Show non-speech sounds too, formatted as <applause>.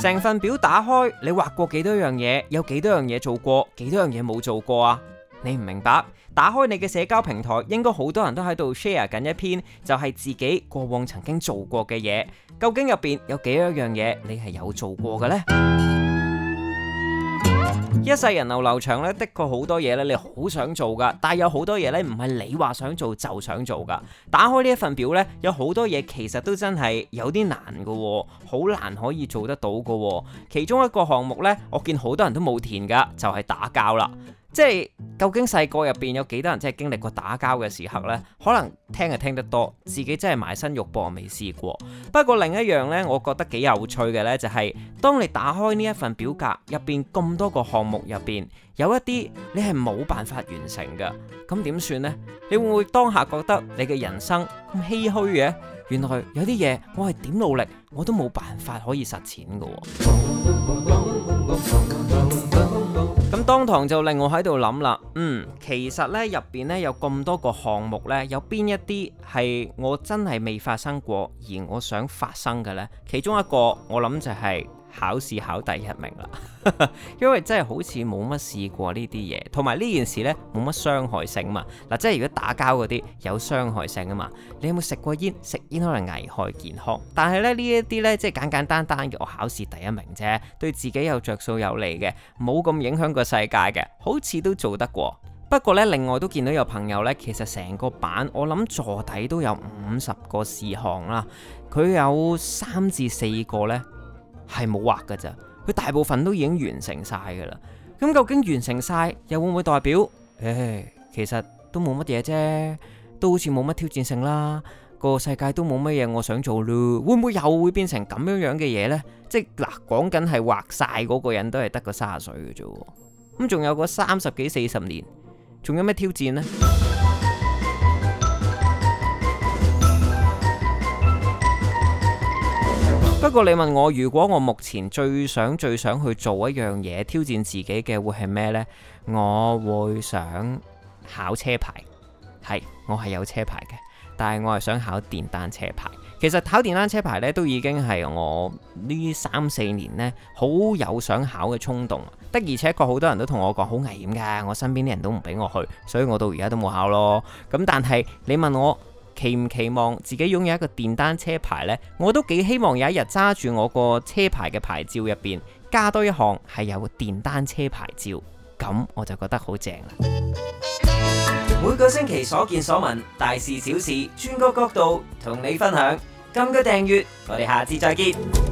成份表打開，你畫過幾多樣嘢？有幾多樣嘢做過？幾多樣嘢冇做過啊？你唔明白？打開你嘅社交平台，應該好多人都喺度 share 緊一篇，就係自己過往曾經做過嘅嘢。究竟入邊有幾多樣嘢你係有做過嘅呢？一世人流流長咧，的確好多嘢咧，你好想做噶，但係有好多嘢咧，唔係你話想做就想做噶。打開呢一份表咧，有好多嘢其實都真係有啲難噶，好難可以做得到噶。其中一個項目咧，我見好多人都冇填噶，就係打交啦。即係究竟細個入邊有幾多人真係經歷過打交嘅時候呢？可能聽就聽得多，自己真係埋身肉搏未試過。不過另一樣呢，我覺得幾有趣嘅呢、就是，就係當你打開呢一份表格入邊咁多個項目入邊，有一啲你係冇辦法完成嘅，咁點算呢？你會唔會當下覺得你嘅人生咁唏噓嘅？原來有啲嘢我係點努力我都冇辦法可以實踐㗎喎。咁 <music> 當堂就令我喺度諗啦。嗯，其實呢入面呢，有咁多個項目呢，有邊一啲係我真係未發生過，而我想發生嘅呢？其中一個我諗就係。考試考第一名啦， <laughs> 因為真係好似冇乜試過呢啲嘢，同埋呢件事呢冇乜傷害性嘛。嗱、啊，即係如果打交嗰啲有傷害性啊嘛。你有冇食過煙？食煙可能危害健康，但係咧呢一啲呢，即係簡簡單單嘅，我考試第一名啫，對自己有着數有利嘅，冇咁影響個世界嘅，好似都做得過。不過呢，另外都見到有朋友呢，其實成個版我諗坐底都有五十個事項啦，佢有三至四個呢。係冇畫噶咋，佢大部分都已經完成晒噶啦。咁究竟完成晒又會唔會代表，唉、哎，其實都冇乜嘢啫，都好似冇乜挑戰性啦。個世界都冇乜嘢我想做咯，會唔會又會變成咁樣樣嘅嘢呢？即係嗱，講緊係畫晒嗰個人都係得個三十歲嘅啫。咁仲有個三十幾、四十年，仲有咩挑戰呢？不過你問我，如果我目前最想最想去做一樣嘢挑戰自己嘅會係咩呢？我會想考車牌。係我係有車牌嘅，但係我係想考電單車牌。其實考電單車牌呢，都已經係我呢三四年呢，好有想考嘅衝動，的而且確好多人都同我講好危險噶我身邊啲人都唔俾我去，所以我到而家都冇考咯。咁但係你問我，期唔期望自己擁有一個電單車牌呢？我都幾希望有一日揸住我個車牌嘅牌照入邊加多一項係有個電單車牌照，咁我就覺得好正啦！每個星期所見所聞，大事小事，專哥角、角度同你分享。今個訂閱，我哋下次再見。